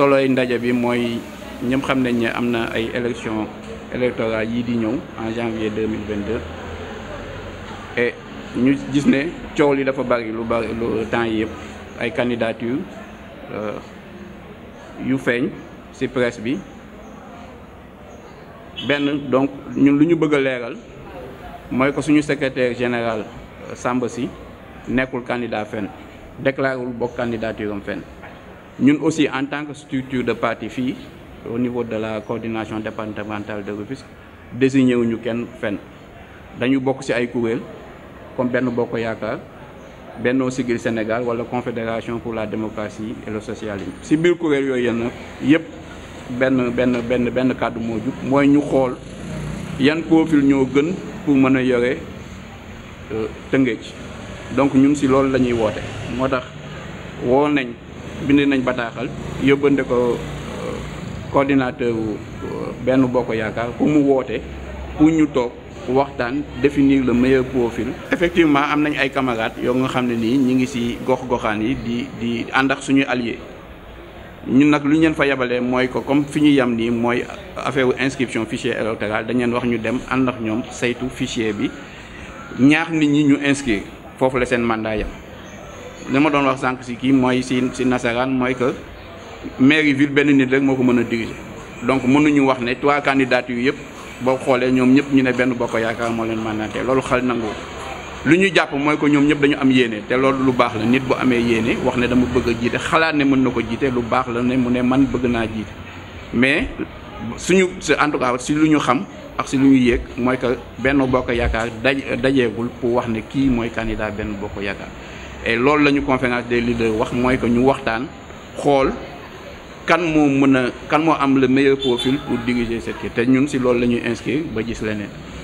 soloy ndaje bi moy ñëpp xam nañ ne am ay élections électorales yi di ñëw en janvier 2022 et ñu gis né coow li dafa bari lu bari lu temps yépp ay candidature euh, yu feeñ ci presse bi ben donc ñun lu ñu bëgg a leeral ko suñu secrétaire général euh, Samba Sy candidat fen déclarewul bok candidature am fenn ñun aussi en tant que structure de parti fii au niveau de la coordination départementale de Rufisque désigné wuñu kenn fenn dañu bokk ci ay kuréel comme benn Bokk Yaakaar Benno Siggil Sénégal wala Confédération pour la démocratie et le socialisme ci biir kuréel yooy yéen nag yëpp benn benn benn benn kàddu moo jub mooy ñu xool yan profil ñoo gën pour mën a yore euh, Tëngéej donc ñun si loolu la ñuy woote moo tax woo nañ bind nañ bataaxal yóbbante ko euh, coordinateur euh, benn bokk yaakaar pour mu woote pour ñu toog waxtaan définir le meilleur profil. effectivement am nañ ay camarades yoo nga xam ne nii ñi ngi ci gox-goxaan yi di di ànd ak suñuy alliés ñun nag lu ñu fa yabalee mooy ko comme fi ñu yem nii mooy affaire inscription fichier électoral dañ leen wax ñu dem ànd ak ñoom saytu fichier bi ñaax nit ñi ñu inscrire foofu la seen mandat yam li ma doon wax sànq si kii mooy si si nasaraan mooy que mairie ville benn nit rek moo ko mën a diriger donc mënuñu wax ne trois candidatures yëpp boo xoolee ñoom ñëpp ñu ne benn bokk yaakaar moo leen mandatee loolu xel nangu lu ñu jàpp mooy que ñoom ñëpp dañu am yéene te loolu lu baax la nit bu amee yéene wax ne dama bëgg a jiite xalaat ne mën na ko jiite lu baax la ne mu ne man bëgg naa jiite mais suñu en tout cas si lu ñu xam ak si lu ñu yéeg mooy que benn bokk yaakaar daj dajeegul pour wax ne kii mooy candidat benn bokk yaakaar et loolu la ñu conférence des leaders wax mooy que ñu waxtaan xool kan moo mën a kan moo am le meilleur profil pour diriger set kii te ñun si loolu la ñuy inscrire ba gis leneen.